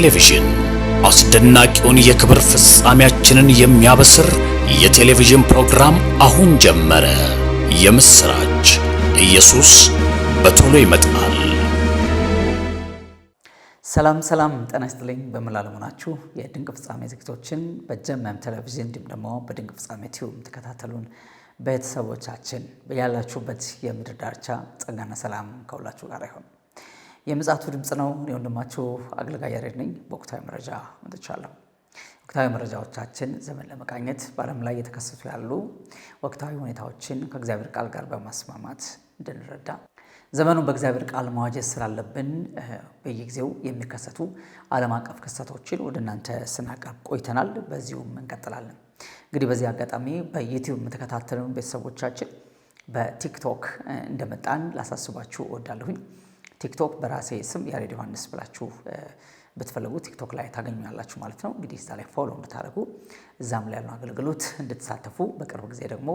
ቴሌቪዥን አስደናቂውን የክብር ፍጻሜያችንን የሚያበስር የቴሌቪዥን ፕሮግራም አሁን ጀመረ። የምስራች! ኢየሱስ በቶሎ ይመጣል። ሰላም ሰላም፣ ጤና ይስጥልኝ። በመላው ናችሁ የድንቅ ፍጻሜ ዝግጅቶችን በጀመም ቴሌቪዥን እንዲሁም ደግሞ በድንቅ ፍጻሜ ቲዩብ ተከታተሉን። ቤተሰቦቻችን ያላችሁበት የምድር ዳርቻ ጸጋና ሰላም ከሁላችሁ ጋር ይሁን። የምፅዓቱ ድምፅ ነው። እኔ ወንድማችሁ አገልጋይ ያሬድ ነኝ። በወቅታዊ መረጃ መጥቻለሁ። ወቅታዊ መረጃዎቻችን ዘመን ለመቃኘት በዓለም ላይ የተከሰቱ ያሉ ወቅታዊ ሁኔታዎችን ከእግዚአብሔር ቃል ጋር በማስማማት እንድንረዳ ዘመኑን በእግዚአብሔር ቃል መዋጀት ስላለብን በየጊዜው የሚከሰቱ ዓለም አቀፍ ክስተቶችን ወደ እናንተ ስናቀርብ ቆይተናል። በዚሁም እንቀጥላለን። እንግዲህ በዚህ አጋጣሚ በዩቲዩብ የምተከታተሉ ቤተሰቦቻችን በቲክቶክ እንደመጣን ላሳስባችሁ እወዳለሁኝ። ቲክቶክ በራሴ ስም ያሬድ ዮሐንስ ብላችሁ ብትፈልጉ ቲክቶክ ላይ ታገኙኛላችሁ ማለት ነው። እንግዲህ እዛ ላይ ፎሎ እንድታደርጉ እዛም ላይ ያሉ አገልግሎት እንድትሳተፉ፣ በቅርብ ጊዜ ደግሞ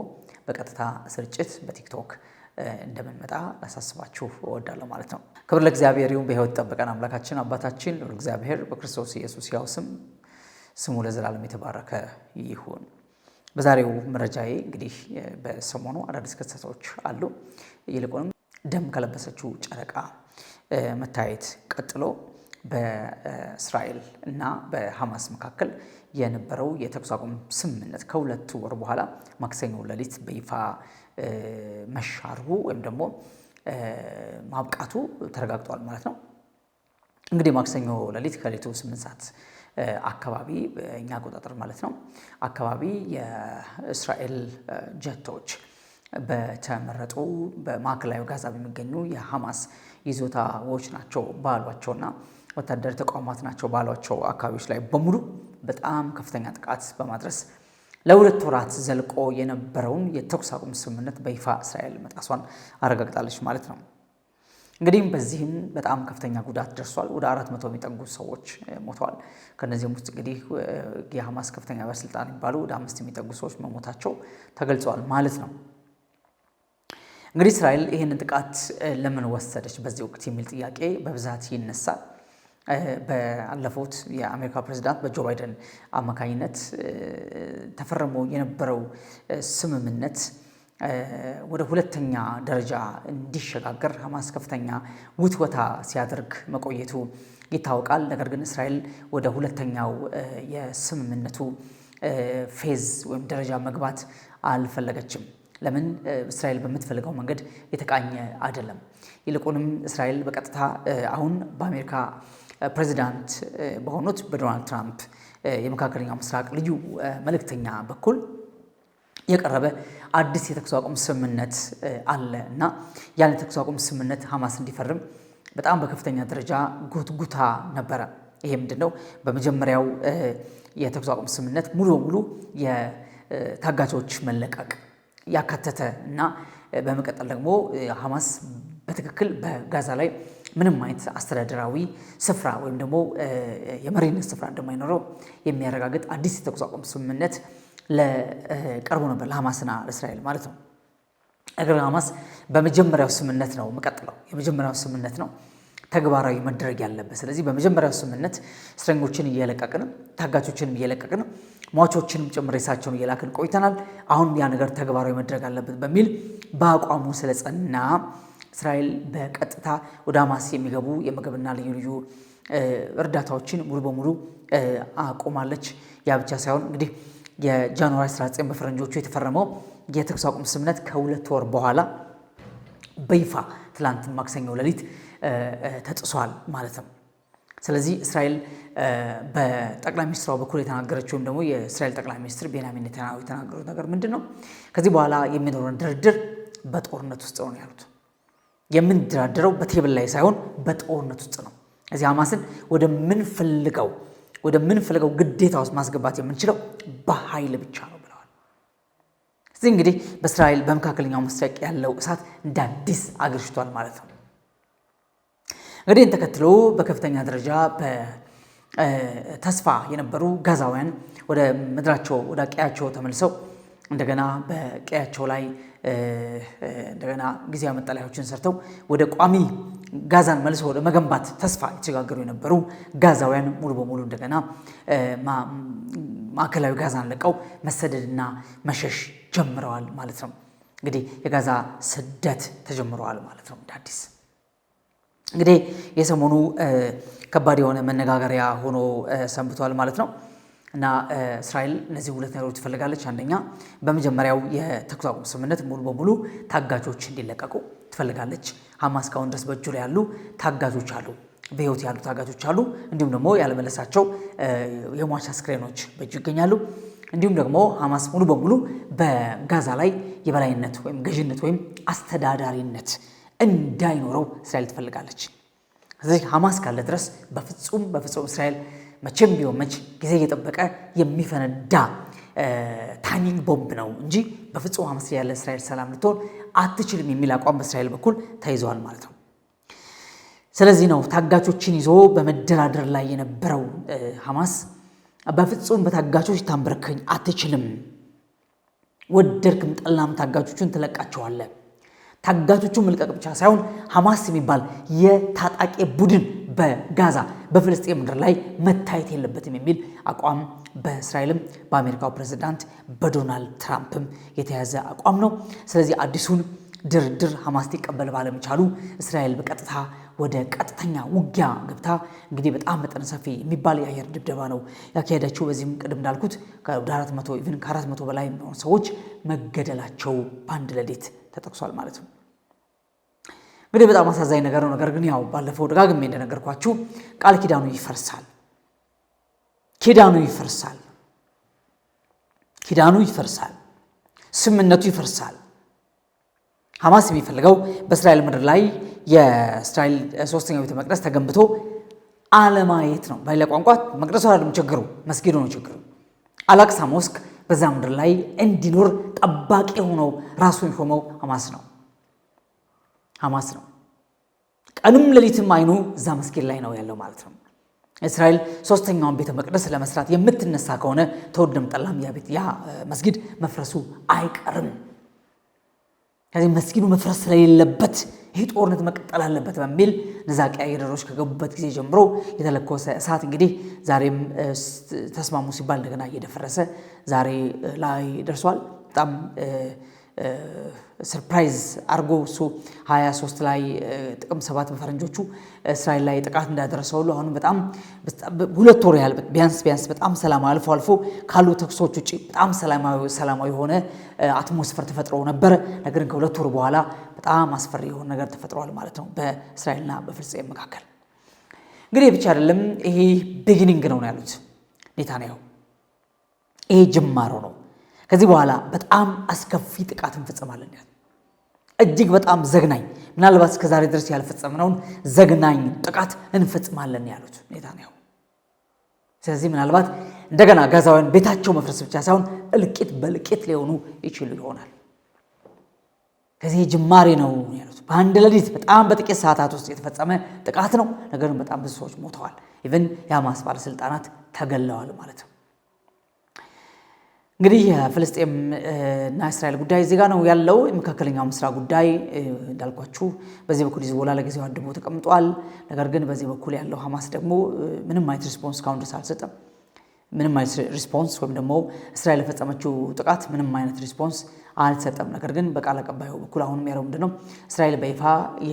በቀጥታ ስርጭት በቲክቶክ እንደምንመጣ ላሳስባችሁ እወዳለሁ ማለት ነው። ክብር ለእግዚአብሔር ይሁን። በሕይወት ጠበቀን አምላካችን አባታችን ልዑል እግዚአብሔር በክርስቶስ ኢየሱስ ያው ስም ስሙ ለዘላለም የተባረከ ይሁን። በዛሬው መረጃዬ እንግዲህ በሰሞኑ አዳዲስ ክስተቶች አሉ። ይልቁንም ደም ከለበሰችው ጨረቃ መታየት ቀጥሎ በእስራኤል እና በሐማስ መካከል የነበረው የተኩስ አቁም ስምምነት ከሁለት ወር በኋላ ማክሰኞ ሌሊት በይፋ መሻሩ ወይም ደግሞ ማብቃቱ ተረጋግጧል ማለት ነው። እንግዲህ ማክሰኞ ሌሊት ከሌቱ ስምንት ሰዓት አካባቢ በእኛ አቆጣጠር ማለት ነው አካባቢ የእስራኤል ጀቶች በተመረጡ በማዕከላዊ ጋዛ በሚገኙ የሐማስ ይዞታዎች ናቸው ባሏቸውና ወታደራዊ ተቋማት ናቸው ባሏቸው አካባቢዎች ላይ በሙሉ በጣም ከፍተኛ ጥቃት በማድረስ ለሁለት ወራት ዘልቆ የነበረውን የተኩስ አቁም ስምምነት በይፋ እስራኤል መጣሷን አረጋግጣለች ማለት ነው። እንግዲህም በዚህም በጣም ከፍተኛ ጉዳት ደርሷል። ወደ አራት መቶ የሚጠጉ ሰዎች ሞተዋል። ከነዚህም ውስጥ እንግዲህ የሐማስ ከፍተኛ ባለስልጣን የሚባሉ ወደ አምስት የሚጠጉ ሰዎች መሞታቸው ተገልጸዋል ማለት ነው። እንግዲህ እስራኤል ይህንን ጥቃት ለምን ወሰደች በዚህ ወቅት የሚል ጥያቄ በብዛት ይነሳል። በአለፉት የአሜሪካ ፕሬዚዳንት በጆ ባይደን አማካኝነት ተፈርሞ የነበረው ስምምነት ወደ ሁለተኛ ደረጃ እንዲሸጋገር ሐማስ ከፍተኛ ውትወታ ሲያደርግ መቆየቱ ይታወቃል። ነገር ግን እስራኤል ወደ ሁለተኛው የስምምነቱ ፌዝ ወይም ደረጃ መግባት አልፈለገችም። ለምን እስራኤል በምትፈልገው መንገድ የተቃኘ አይደለም። ይልቁንም እስራኤል በቀጥታ አሁን በአሜሪካ ፕሬዚዳንት በሆኑት በዶናልድ ትራምፕ የመካከለኛው ምስራቅ ልዩ መልእክተኛ በኩል የቀረበ አዲስ የተኩስ አቁም ስምምነት አለ እና ያን የተኩስ አቁም ስምምነት ሐማስ እንዲፈርም በጣም በከፍተኛ ደረጃ ጉትጉታ ነበረ። ይሄ ምንድን ነው? በመጀመሪያው የተኩስ አቁም ስምምነት ሙሉ በሙሉ የታጋቾች መለቀቅ ያካተተ እና በመቀጠል ደግሞ ሐማስ በትክክል በጋዛ ላይ ምንም አይነት አስተዳደራዊ ስፍራ ወይም ደግሞ የመሪነት ስፍራ እንደማይኖረው የሚያረጋግጥ አዲስ የተኩስ አቁም ስምምነት ቀርቦ ነበር ለሐማስና ለእስራኤል ማለት ነው። እግር ሐማስ በመጀመሪያው ስምምነት ነው መቀጥለው የመጀመሪያው ስምምነት ነው ተግባራዊ መደረግ ያለበት። ስለዚህ በመጀመሪያው ስምምነት እስረኞችን እየለቀቅን ታጋቾችንም እየለቀቅን ሟቾችንም ጭምር ሬሳቸውን እየላክን ቆይተናል። አሁን ያ ነገር ተግባራዊ መድረግ አለበት በሚል በአቋሙ ስለጸና እስራኤል በቀጥታ ወደ ሐማስ የሚገቡ የምግብና ልዩ ልዩ እርዳታዎችን ሙሉ በሙሉ አቆማለች። ያ ብቻ ሳይሆን እንግዲህ የጃንዋሪ 19 በፈረንጆቹ የተፈረመው የተኩስ አቁም ስምምነት ከሁለት ወር በኋላ በይፋ ትላንት ማክሰኞ ሌሊት ተጥሷል ማለት ነው። ስለዚህ እስራኤል በጠቅላይ ሚኒስትሯ በኩል የተናገረችው ወይም ደግሞ የእስራኤል ጠቅላይ ሚኒስትር ቤንያሚን ኔታንያሁ የተናገሩት ነገር ምንድን ነው? ከዚህ በኋላ የሚኖረን ድርድር በጦርነት ውስጥ ነው ያሉት። የምንደራደረው በቴብል ላይ ሳይሆን በጦርነት ውስጥ ነው። እዚህ ሐማስን ወደምንፈልገው ወደምንፈልገው ግዴታ ውስጥ ማስገባት የምንችለው በኃይል ብቻ ነው ብለዋል። እዚህ እንግዲህ በእስራኤል በመካከለኛው ምስራቅ ያለው እሳት እንደ አዲስ አገርሽቷል ማለት ነው። እንግዲህ ተከትሎ በከፍተኛ ደረጃ በተስፋ የነበሩ ጋዛውያን ወደ ምድራቸው ወደ ቀያቸው ተመልሰው እንደገና በቀያቸው ላይ እንደገና ጊዜያዊ መጠለያዎችን ሰርተው ወደ ቋሚ ጋዛን መልሰው ወደ መገንባት ተስፋ የተሸጋገሩ የነበሩ ጋዛውያን ሙሉ በሙሉ እንደገና ማዕከላዊ ጋዛን ለቀው መሰደድና መሸሽ ጀምረዋል ማለት ነው። እንግዲህ የጋዛ ስደት ተጀምረዋል ማለት ነው እንደ አዲስ እንግዲህ የሰሞኑ ከባድ የሆነ መነጋገሪያ ሆኖ ሰንብቷል ማለት ነው። እና እስራኤል እነዚህ ሁለት ነገሮች ትፈልጋለች። አንደኛ በመጀመሪያው የተኩስ አቁም ስምምነት ሙሉ በሙሉ ታጋቾች እንዲለቀቁ ትፈልጋለች። ሀማስ ካሁን ድረስ በእጁ ላይ ያሉ ታጋቾች አሉ፣ በህይወት ያሉ ታጋቾች አሉ። እንዲሁም ደግሞ ያለመለሳቸው የሟች አስክሬኖች በእጁ ይገኛሉ። እንዲሁም ደግሞ ሀማስ ሙሉ በሙሉ በጋዛ ላይ የበላይነት ወይም ገዥነት ወይም አስተዳዳሪነት እንዳይኖረው እስራኤል ትፈልጋለች። ስለዚህ ሐማስ ካለ ድረስ በፍጹም በፍጹም እስራኤል መቼም ቢሆን መች ጊዜ እየጠበቀ የሚፈነዳ ታይሚንግ ቦምብ ነው እንጂ በፍጹም ሐማስ ያለ እስራኤል ሰላም ልትሆን አትችልም የሚል አቋም በእስራኤል በኩል ተይዘዋል ማለት ነው። ስለዚህ ነው ታጋቾችን ይዞ በመደራደር ላይ የነበረው ሐማስ በፍጹም በታጋቾች ታንበርከኝ አትችልም፣ ወደድክም ጠላም ታጋቾቹን ትለቃቸዋለህ ታጋቾቹን መልቀቅ ብቻ ሳይሆን ሐማስ የሚባል የታጣቂ ቡድን በጋዛ በፍልስጤም ምድር ላይ መታየት የለበትም የሚል አቋም በእስራኤልም በአሜሪካው ፕሬዚዳንት በዶናልድ ትራምፕም የተያዘ አቋም ነው። ስለዚህ አዲሱን ድርድር ሐማስ ሊቀበል ባለመቻሉ እስራኤል በቀጥታ ወደ ቀጥተኛ ውጊያ ገብታ እንግዲህ በጣም መጠነ ሰፊ የሚባል የአየር ድብደባ ነው ያካሄዳቸው። በዚህም ቅድም እንዳልኩት ከ መቶ ኢቭን ከ400 በላይ የሚሆኑ ሰዎች መገደላቸው በአንድ ለሌት ተጠቅሷል ማለት ነው። እንግዲህ በጣም አሳዛኝ ነገር ነው። ነገር ግን ያው ባለፈው ደጋግሜ እንደነገርኳችሁ ቃል ኪዳኑ ይፈርሳል፣ ኪዳኑ ይፈርሳል፣ ኪዳኑ ይፈርሳል፣ ስምነቱ ይፈርሳል። ሐማስ የሚፈልገው በእስራኤል ምድር ላይ የእስራኤል ሶስተኛው ቤተ መቅደስ ተገንብቶ አለማየት ነው። በሌላ ቋንቋ መቅደሱ አይደለም ችግሩ፣ መስጊዱ ነው ችግሩ። አላቅሳ ሞስክ በዛ ምድር ላይ እንዲኖር ጠባቂ የሆነው ራሱ የሾመው ሐማስ ነው ሐማስ ነው። ቀንም ሌሊትም አይኑ እዛ መስጊድ ላይ ነው ያለው ማለት ነው። እስራኤል ሶስተኛውን ቤተ መቅደስ ለመስራት የምትነሳ ከሆነ ተወደም ጠላም ያ መስጊድ መፍረሱ አይቀርም። ከዚህ መስጊዱ መፍረስ ስለሌለበት ይህ ጦርነት መቀጠል አለበት በሚል ነዛቂ አየደሮች ከገቡበት ጊዜ ጀምሮ የተለኮሰ እሳት እንግዲህ ዛሬም ተስማሙ ሲባል እንደገና እየደፈረሰ ዛሬ ላይ ደርሷል። በጣም ሰርፕራይዝ አድርጎ እሱ 23 ላይ ጥቅም ሰባት በፈረንጆቹ እስራኤል ላይ ጥቃት እንዳደረሰ ሁሉ አሁን በጣም ሁለት ወር ያህል ቢያንስ ቢያንስ በጣም ሰላም አልፎ አልፎ ካሉ ተኩሶች ውጭ በጣም ሰላማዊ የሆነ አትሞስፈር ተፈጥሮ ነበረ። ነገር ግን ከሁለት ወር በኋላ በጣም አስፈሪ የሆነ ነገር ተፈጥሯል ማለት ነው በእስራኤልና በፍልስጤም መካከል። እንግዲህ ብቻ አይደለም ይሄ ቢጊኒንግ ነው ያሉት ኔታንያሁ፣ ይሄ ጅማሮ ነው ከዚህ በኋላ በጣም አስከፊ ጥቃት እንፈጸማለን። እጅግ በጣም ዘግናኝ ምናልባት እስከዛሬ ድረስ ያልፈጸምነውን ዘግናኝ ጥቃት እንፈጽማለን ያሉት ኔታንያሁ። ስለዚህ ምናልባት እንደገና ጋዛውያን ቤታቸው መፍረስ ብቻ ሳይሆን እልቂት በልቂት ሊሆኑ ይችሉ ይሆናል። ከዚህ ጅማሬ ነው ያሉት። በአንድ ሌሊት በጣም በጥቂት ሰዓታት ውስጥ የተፈጸመ ጥቃት ነው። ነገርም በጣም ብዙ ሰዎች ሞተዋል። ኢቨን የሐማስ ባለስልጣናት ተገለዋል ማለት ነው። እንግዲህ የፍልስጤም እና እስራኤል ጉዳይ ዜጋ ነው ያለው። የመካከለኛው ምስራቅ ጉዳይ እንዳልኳችሁ በዚህ በኩል ሂዝቦላ ለጊዜው አድቦ ተቀምጧል። ነገር ግን በዚህ በኩል ያለው ሀማስ ደግሞ ምንም አይነት ሪስፖንስ እስካሁን ድረስ አልሰጠም። ምንም አይነት ሪስፖንስ ወይም ደግሞ እስራኤል የፈጸመችው ጥቃት ምንም አይነት ሪስፖንስ አልሰጠም። ነገር ግን በቃል አቀባዩ በኩል አሁንም ያለው ነው እስራኤል በይፋ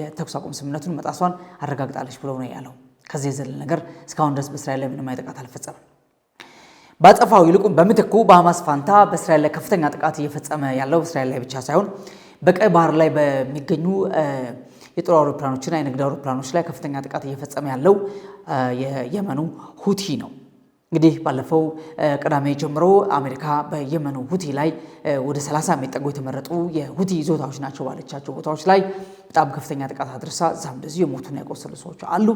የተኩስ አቁም ስምምነቱን መጣሷን አረጋግጣለች ብሎ ነው ያለው። ከዚህ የዘለለ ነገር እስካሁን ድረስ በእስራኤል ላይ ምንም አይነት ጥቃት አልፈጸመም። ባጸፋው ይልቁን በምትኩ በሐማስ ፋንታ በእስራኤል ላይ ከፍተኛ ጥቃት እየፈጸመ ያለው እስራኤል ላይ ብቻ ሳይሆን በቀይ ባህር ላይ በሚገኙ የጦር አውሮፕላኖችና የንግድ አውሮፕላኖች ላይ ከፍተኛ ጥቃት እየፈጸመ ያለው የየመኑ ሁቲ ነው። እንግዲህ ባለፈው ቅዳሜ ጀምሮ አሜሪካ በየመኑ ሁቲ ላይ ወደ 30 የሚጠጉ የተመረጡ የሁቲ ይዞታዎች ናቸው ባለቻቸው ቦታዎች ላይ በጣም ከፍተኛ ጥቃት አድርሳ እዛም እንደዚሁ የሞቱና የቆሰሉ ሰዎች አሉ።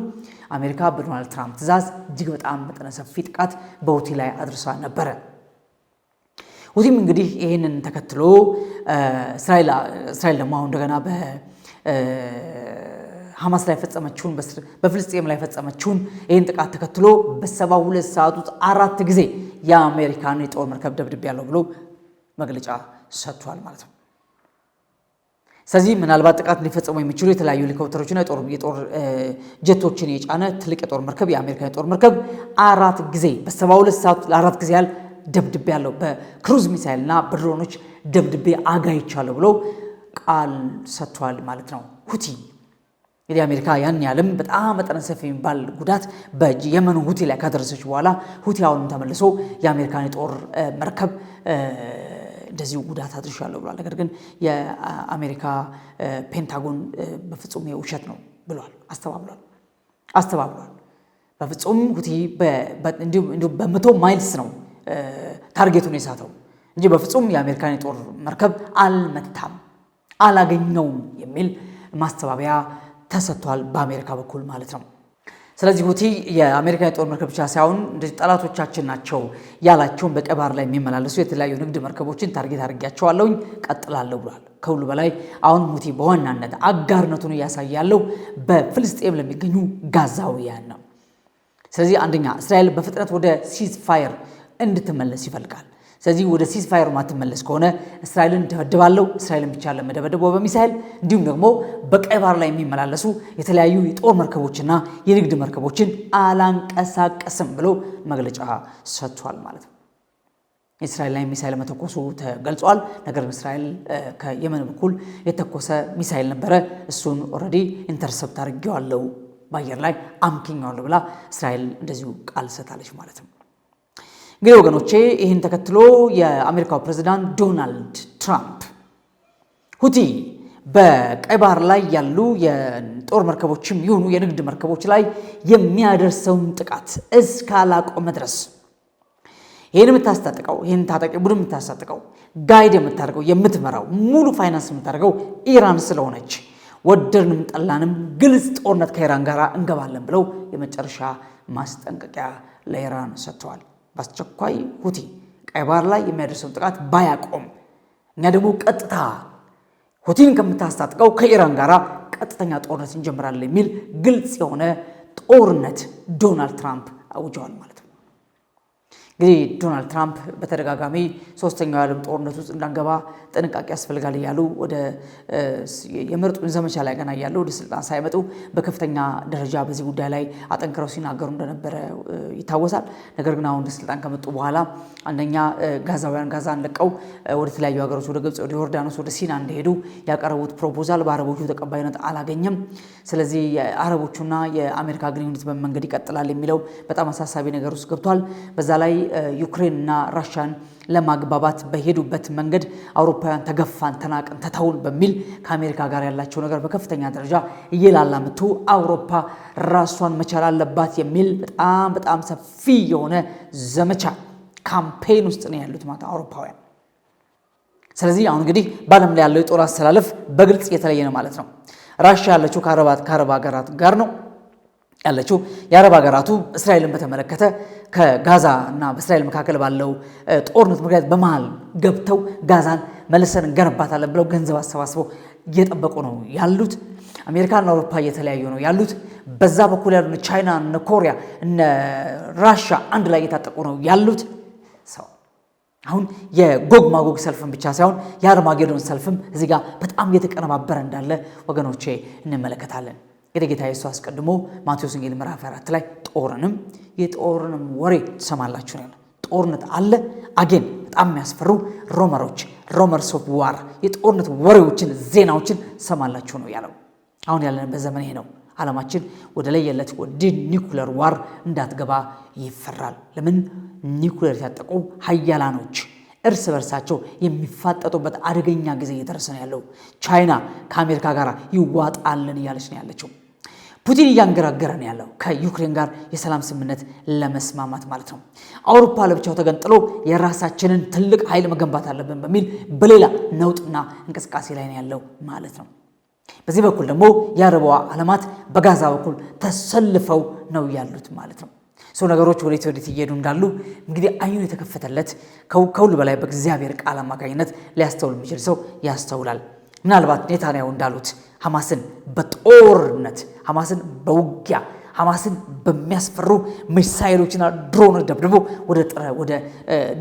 አሜሪካ በዶናልድ ትራምፕ ትዕዛዝ እጅግ በጣም መጠነ ሰፊ ጥቃት በሁቲ ላይ አድርሳ ነበረ። ሁቲም እንግዲህ ይህንን ተከትሎ እስራኤል ደግሞ አሁን እንደገና ሐማስ ላይ ፈጸመችውን በፍልስጤም ላይ ፈጸመችውን ይህን ጥቃት ተከትሎ በሰባ ሁለት ሰዓት ውስጥ አራት ጊዜ የአሜሪካን የጦር መርከብ ደብድቤ ያለው ብሎ መግለጫ ሰጥቷል ማለት ነው። ስለዚህ ምናልባት ጥቃት እንዲፈጸሙ የሚችሉ የተለያዩ ሄሊኮፕተሮችና የጦር ጀቶችን የጫነ ትልቅ የጦር መርከብ የአሜሪካን የጦር መርከብ አራት ጊዜ በሰባ ሁለት ሰዓት ለአራት ጊዜ ያህል ደብድቤ ያለው በክሩዝ ሚሳይልና በድሮኖች ደብድቤ አጋይቻለሁ ብሎ ቃል ሰጥቷል ማለት ነው ሁቲ እንግዲህ አሜሪካ ያን ያለም በጣም መጠነ ሰፊ የሚባል ጉዳት በየመኑ ሁቲ ላይ ካደረሰች በኋላ ሁቲ አሁንም ተመልሶ የአሜሪካን የጦር መርከብ እንደዚሁ ጉዳት አድርሻለሁ ብሏል። ነገር ግን የአሜሪካ ፔንታጎን በፍጹም የውሸት ነው ብሏል፣ አስተባብሏል አስተባብሏል። በፍጹም ሁቲ እንዲሁም በመቶ ማይልስ ነው ታርጌቱን የሳተው እንጂ በፍጹም የአሜሪካን የጦር መርከብ አልመታም፣ አላገኘውም የሚል ማስተባበያ ተሰጥቷል፣ በአሜሪካ በኩል ማለት ነው። ስለዚህ ሁቲ የአሜሪካ የጦር መርከብ ብቻ ሳይሆን እንደዚህ ጠላቶቻችን ናቸው ያላቸውን በቀባር ላይ የሚመላለሱ የተለያዩ ንግድ መርከቦችን ታርጌት አድርጊያቸዋለሁኝ ቀጥላለሁ ብሏል። ከሁሉ በላይ አሁን ሁቲ በዋናነት አጋርነቱን እያሳየ ያለው በፍልስጤም ለሚገኙ ጋዛውያን ነው። ስለዚህ አንደኛ እስራኤል በፍጥነት ወደ ሲዝ ፋየር እንድትመለስ ይፈልጋል። ስለዚህ ወደ ሲዝፋየር ማትመለስ ከሆነ እስራኤልን ደበድባለው እስራኤልን ብቻ ለመደበደበ በሚሳይል እንዲሁም ደግሞ በቀይ ባህር ላይ የሚመላለሱ የተለያዩ የጦር መርከቦችና የንግድ መርከቦችን አላንቀሳቀስም ብሎ መግለጫ ሰጥቷል ማለት ነው። እስራኤል ላይ ሚሳኤል መተኮሱ ተገልጿል። ነገር ግን እስራኤል ከየመን በኩል የተኮሰ ሚሳኤል ነበረ። እሱን ኦልሬዲ ኢንተርሰፕት አድርጌዋለሁ፣ በአየር ላይ አምኪኛዋለሁ ብላ እስራኤል እንደዚሁ ቃል ሰታለች ማለት ነው። እንግዲህ ወገኖቼ ይህን ተከትሎ የአሜሪካው ፕሬዚዳንት ዶናልድ ትራምፕ ሁቲ በቀይ ባህር ላይ ያሉ የጦር መርከቦችም ይሁኑ የንግድ መርከቦች ላይ የሚያደርሰውን ጥቃት እስካላቆመ ድረስ ይህን የምታስታጥቀው ይህን ታጣቂ ቡድን የምታስታጥቀው ጋይድ የምታደርገው የምትመራው ሙሉ ፋይናንስ የምታደርገው ኢራን ስለሆነች ወደድንም ጠላንም ግልጽ ጦርነት ከኢራን ጋር እንገባለን ብለው የመጨረሻ ማስጠንቀቂያ ለኢራን ሰጥተዋል። በአስቸኳይ ሁቲ ቀይ ባህር ላይ የሚያደርሰውን ጥቃት ባያቆም እኛ ደግሞ ቀጥታ ሁቲን ከምታስታጥቀው ከኢራን ጋር ቀጥተኛ ጦርነት እንጀምራለን የሚል ግልጽ የሆነ ጦርነት ዶናልድ ትራምፕ አውጀዋል ማለት ነው። እንግዲህ ዶናልድ ትራምፕ በተደጋጋሚ ሶስተኛው የዓለም ጦርነት ውስጥ እንዳንገባ ጥንቃቄ ያስፈልጋል እያሉ ወደ የምርጡን ዘመቻ ላይ ገና እያሉ ወደ ስልጣን ሳይመጡ በከፍተኛ ደረጃ በዚህ ጉዳይ ላይ አጠንክረው ሲናገሩ እንደነበረ ይታወሳል። ነገር ግን አሁን ወደ ስልጣን ከመጡ በኋላ አንደኛ ጋዛውያን ጋዛን ለቀው ወደ ተለያዩ ሀገሮች ወደ ግብፅ፣ ወደ ዮርዳኖስ፣ ወደ ሲና እንደሄዱ ያቀረቡት ፕሮፖዛል በአረቦቹ ተቀባይነት አላገኘም። ስለዚህ የአረቦቹና የአሜሪካ ግንኙነት በመንገድ ይቀጥላል የሚለው በጣም አሳሳቢ ነገር ውስጥ ገብቷል። በዛ ላይ ዩክሬንና ራሽያን ለማግባባት በሄዱበት መንገድ አውሮፓውያን ተገፋን፣ ተናቅን፣ ተተውን በሚል ከአሜሪካ ጋር ያላቸው ነገር በከፍተኛ ደረጃ እየላላ አውሮፓ ራሷን መቻል አለባት የሚል በጣም በጣም ሰፊ የሆነ ዘመቻ ካምፔን ውስጥ ነው ያሉት ማለት አውሮፓውያን። ስለዚህ አሁን እንግዲህ በዓለም ላይ ያለው የጦር አሰላለፍ በግልጽ የተለየ ነው ማለት ነው። ራሽያ ያለችው ከአረብ ሀገራት ጋር ነው ያለችው የአረብ ሀገራቱ እስራኤልን በተመለከተ ከጋዛ እና በእስራኤል መካከል ባለው ጦርነት ምክንያት በመሃል ገብተው ጋዛን መልሰን እንገነባታለን ብለው ገንዘብ አሰባስበው እየጠበቁ ነው ያሉት። አሜሪካና አውሮፓ እየተለያዩ ነው ያሉት። በዛ በኩል ያሉ ቻይና፣ እነ ኮሪያ፣ እነ ራሻ አንድ ላይ እየታጠቁ ነው ያሉት። ሰው አሁን የጎግ ማጎግ ሰልፍን ብቻ ሳይሆን የአርማጌዶን ሰልፍም እዚህ ጋር በጣም እየተቀነባበረ እንዳለ ወገኖቼ እንመለከታለን። እንግዲህ ጌታ ኢየሱስ አስቀድሞ ማቴዎስ ወንጌል ምዕራፍ 4 ላይ ጦርንም የጦርንም ወሬ ትሰማላችሁ ነው። ጦርነት አለ አጌን በጣም የሚያስፈሩ ሮመሮች ሮመርስ ኦፍ ዋር የጦርነት ወሬዎችን ዜናዎችን ሰማላችሁ ነው ያለው። አሁን ያለን በዘመን ይሄ ነው። ዓለማችን ወደ ላይ የለት ወደ ኒኩለር ዋር እንዳትገባ ይፈራል። ለምን? ኒኩለር የታጠቁ ሀያላኖች እርስ በርሳቸው የሚፋጠጡበት አደገኛ ጊዜ እየደረሰ ነው ያለው። ቻይና ከአሜሪካ ጋር ይዋጣልን እያለች ነው ያለችው። ፑቲን እያንገራገረ ነው ያለው ከዩክሬን ጋር የሰላም ስምምነት ለመስማማት ማለት ነው። አውሮፓ ለብቻው ተገንጥሎ የራሳችንን ትልቅ ኃይል መገንባት አለብን በሚል በሌላ ነውጥና እንቅስቃሴ ላይ ነው ያለው ማለት ነው። በዚህ በኩል ደግሞ የአረቧ ዓለማት በጋዛ በኩል ተሰልፈው ነው ያሉት ማለት ነው። ሰው ነገሮች ወዴት ወዴት እየሄዱ እንዳሉ እንግዲህ አይኑ የተከፈተለት ከሁሉ በላይ በእግዚአብሔር ቃል አማካኝነት ሊያስተውል የሚችል ሰው ያስተውላል። ምናልባት ኔታንያሁ እንዳሉት ሐማስን በጦርነት ሐማስን በውጊያ ሐማስን በሚያስፈሩ ሚሳይሎችና ድሮን ደብድቦ ወደ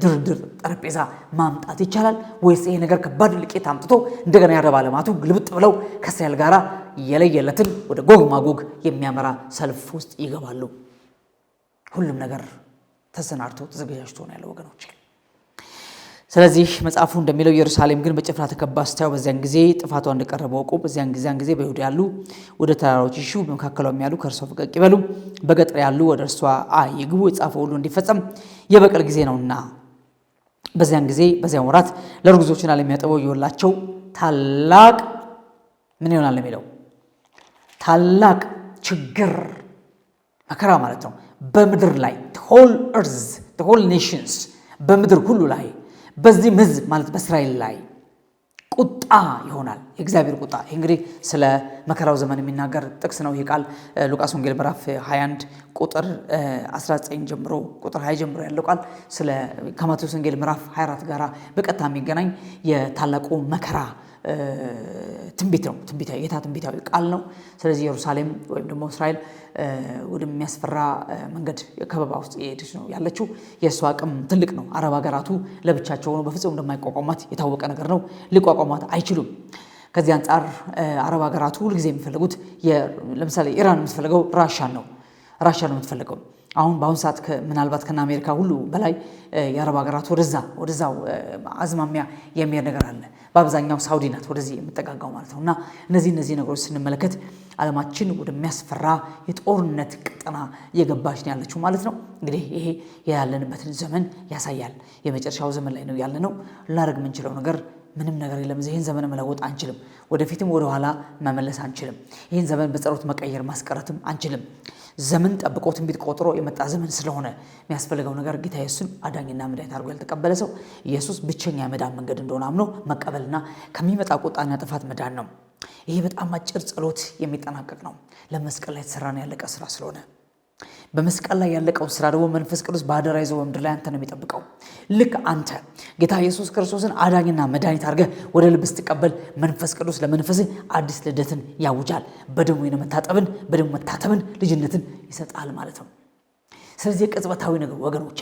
ድርድር ጠረጴዛ ማምጣት ይቻላል ወይስ ይሄ ነገር ከባድ ልቄት አምጥቶ እንደገና የአረብ ዓለማቱ ግልብጥ ብለው ከእስራኤል ጋር የለየለትን ወደ ጎግ ማጎግ የሚያመራ ሰልፍ ውስጥ ይገባሉ? ሁሉም ነገር ተሰናድቶ ተዘጋጅቶ ነው ያለው ወገኖች። ስለዚህ መጽሐፉ እንደሚለው ኢየሩሳሌም ግን በጭፍራ ተከባ ስታዩ በዚያን ጊዜ ጥፋቷ እንደቀረበ ወቁ። በዚያን ጊዜያን ጊዜ በይሁዳ ያሉ ወደ ተራራዎች ይሹ፣ በመካከሏም ያሉ ከእርሷ ፈቀቅ ይበሉ፣ በገጠር ያሉ ወደ እርሷ አይግቡ፣ የጻፈ ሁሉ እንዲፈጸም የበቀል ጊዜ ነውና። በዚያን ጊዜ በዚያን ወራት ለርጉዞችና ለሚያጠበው የወላቸው ታላቅ ምን ይሆናል የሚለው ታላቅ ችግር መከራ ማለት ነው። በምድር ላይ ሆል እርዝ ሆል ኔሽንስ በምድር ሁሉ ላይ በዚህም ህዝብ ማለት በእስራኤል ላይ ቁጣ ይሆናል፣ የእግዚአብሔር ቁጣ። ይህ እንግዲህ ስለ መከራው ዘመን የሚናገር ጥቅስ ነው። ይህ ቃል ሉቃስ ወንጌል ምዕራፍ 21 ቁጥር 19 ጀምሮ ቁጥር 20 ጀምሮ ያለው ቃል ከማቴዎስ ወንጌል ምዕራፍ 24 ጋር በቀጥታ የሚገናኝ የታላቁ መከራ ትንቢት ነው። ትንቢታዊ ጌታ ትንቢታዊ ቃል ነው። ስለዚህ ኢየሩሳሌም ወይም ደግሞ እስራኤል ወደሚያስፈራ መንገድ ከበባ ውስጥ የሄደች ነው ያለችው። የእሱ አቅም ትልቅ ነው። አረብ ሀገራቱ ለብቻቸው ሆኖ በፍጹም እንደማይቋቋሟት የታወቀ ነገር ነው። ሊቋቋሟት አይችሉም። ከዚህ አንጻር አረብ ሀገራቱ ሁልጊዜ የሚፈልጉት ለምሳሌ ኢራን የምትፈልገው ራሻን ነው። ራሻ ነው የምትፈልገው አሁን በአሁኑ ሰዓት ምናልባት ከነ አሜሪካ ሁሉ በላይ የአረብ ሀገራት ወደዛ ወደዛው አዝማሚያ የሚሄድ ነገር አለ። በአብዛኛው ሳውዲ ናት ወደዚህ የምጠጋጋው ማለት ነው። እና እነዚህ እነዚህ ነገሮች ስንመለከት ዓለማችን ወደሚያስፈራ የጦርነት ቀጠና እየገባች ነው ያለችው ማለት ነው። እንግዲህ ይሄ ያለንበትን ዘመን ያሳያል። የመጨረሻው ዘመን ላይ ነው ነው። ልናደርግ የምንችለው ነገር ምንም ነገር የለም። ይህን ዘመን መለወጥ አንችልም። ወደፊትም ወደኋላ መመለስ አንችልም። ይህን ዘመን በጸሎት መቀየር ማስቀረትም አንችልም። ዘመን ጠብቆ ትንቢት ቆጥሮ የመጣ ዘመን ስለሆነ የሚያስፈልገው ነገር ጌታ ኢየሱስን አዳኝና መድኃኒት አድርጎ ያልተቀበለ ሰው ኢየሱስ ብቸኛ የመዳን መንገድ እንደሆነ አምኖ መቀበልና ከሚመጣ ቁጣና ጥፋት መዳን ነው። ይሄ በጣም አጭር ጸሎት የሚጠናቀቅ ነው። ለመስቀል ላይ የተሰራን ያለቀ ስራ ስለሆነ በመስቀል ላይ ያለቀው ስራ ደግሞ መንፈስ ቅዱስ በአደራ ይዘው በምድር ላይ አንተ ነው የሚጠብቀው። ልክ አንተ ጌታ ኢየሱስ ክርስቶስን አዳኝና መድኃኒት አድርገህ ወደ ልብ ስትቀበል መንፈስ ቅዱስ ለመንፈስ አዲስ ልደትን ያውጃል። በደሙ መታጠብን በደሙ መታተብን ልጅነትን ይሰጣል ማለት ነው። ስለዚህ የቅጽበታዊ ነገር ወገኖቼ፣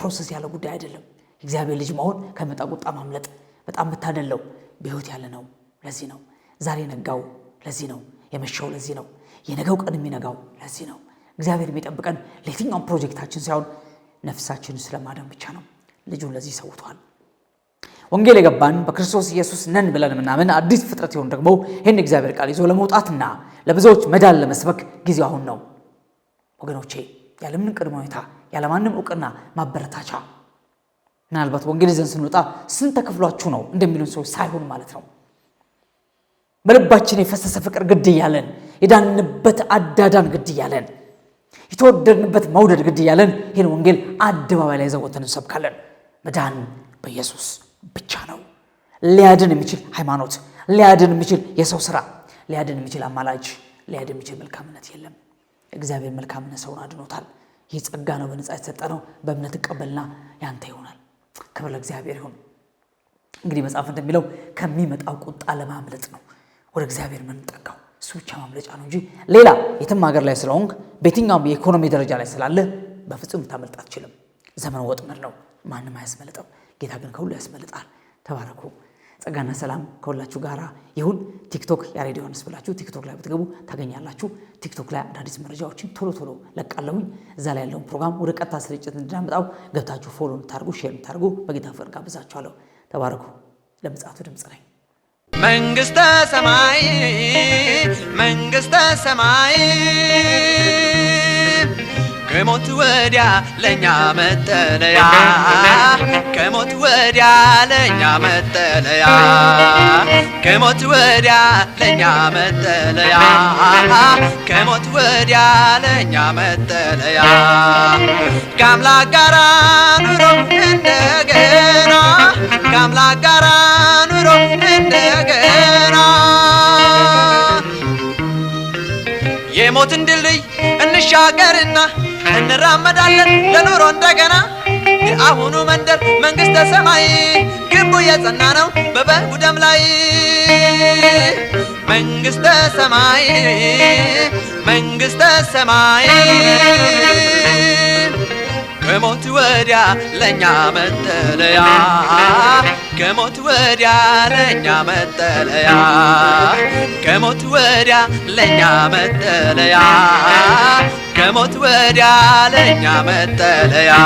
ፕሮሰስ ያለ ጉዳይ አይደለም። እግዚአብሔር ልጅ መሆን ከመጣ ቁጣ ማምለጥ በጣም ብታደለው በህይወት ያለ ነው። ለዚህ ነው ዛሬ ነጋው፣ ለዚህ ነው የመሸው፣ ለዚህ ነው የነገው ቀን የሚነጋው፣ ለዚህ ነው እግዚአብሔር የሚጠብቀን ለየትኛውም ፕሮጀክታችን ሳይሆን ነፍሳችንን ስለማዳን ብቻ ነው። ልጁን ለዚህ ሰውቷል። ወንጌል የገባን በክርስቶስ ኢየሱስ ነን ብለን ምናምን አዲስ ፍጥረት የሆን ደግሞ ይህን እግዚአብሔር ቃል ይዞ ለመውጣትና ለብዙዎች መዳን ለመስበክ ጊዜ አሁን ነው ወገኖቼ። ያለምንም ቅድመ ሁኔታ ያለማንም እውቅና ማበረታቻ ምናልባት ወንጌል ይዘን ስንወጣ ስንት ተከፍሏችሁ ነው እንደሚሉን ሰዎች ሳይሆን ማለት ነው በልባችን የፈሰሰ ፍቅር ግድ እያለን የዳንበት አዳዳን ግድ እያለን የተወደድንበት መውደድ ግድ እያለን ይህን ወንጌል አደባባይ ላይ ዘወትን እንሰብካለን። መዳን በኢየሱስ ብቻ ነው። ሊያድን የሚችል ሃይማኖት፣ ሊያድን የሚችል የሰው ስራ፣ ሊያድን የሚችል አማላጅ፣ ሊያድን የሚችል መልካምነት የለም። እግዚአብሔር መልካምነት ሰውን አድኖታል። ይህ ጸጋ ነው፣ በነጻ የተሰጠ ነው። በእምነት እቀበልና ያንተ ይሆናል። ክብር ለእግዚአብሔር ይሁን። እንግዲህ መጽሐፍ እንደሚለው ከሚመጣው ቁጣ ለማምለጥ ነው ወደ እግዚአብሔር የምንጠጋው። እሱ ብቻ ማምለጫ ነው እንጂ ሌላ የትም ሀገር ላይ ስለሆንክ በየትኛውም የኢኮኖሚ ደረጃ ላይ ስላለ በፍጹም ልታመልጥ አትችልም። ዘመን ወጥመድ ነው፣ ማንም አያስመልጠው። ጌታ ግን ከሁሉ ያስመልጣል። ተባረኩ። ጸጋና ሰላም ከሁላችሁ ጋር ይሁን። ቲክቶክ ያሬድ ዮሐንስ ብላችሁ ቲክቶክ ላይ ብትገቡ ታገኛላችሁ። ቲክቶክ ላይ አዳዲስ መረጃዎችን ቶሎ ቶሎ ለቃለሁኝ። እዛ ላይ ያለውን ፕሮግራም ወደ ቀጥታ ስርጭት እንድናመጣው ገብታችሁ ፎሎ የምታደርጉ ሼር የምታደርጉ በጌታ ፍቅር ጋብዛችኋለሁ። ተባረኩ። ለምጽአቱ ድምፅ ነኝ። መንግስተ ሰማይ መንግስተ ሰማይ ከሞት ወዲያ ለኛ መጠለያ ከሞት ወዲያ ለኛ መጠለያ ከሞት ወዲያ ለኛ መጠለያ ከሞት ወዲያ ለኛ መጠለያ ከአምላክ ጋራ ኑሮ እንደገና ከአምላክ ጋራ እንደገና የሞትን ድልድይ እንሻገርና እንራመዳለን ለኑሮ እንደገና የአሁኑ መንደር መንግሥተ ሰማይ ግቡ የጸና ነው በበጉ ደም ላይ መንግሥተ ሰማይ መንግሥተ ሰማይ ከሞት ወዲያ ለእኛ መጠለያ ከሞት ወዲያ ለኛ መጠለያ ከሞት ወዲያ ለኛ መጠለያ ከሞት ወዲያ ለኛ መጠለያ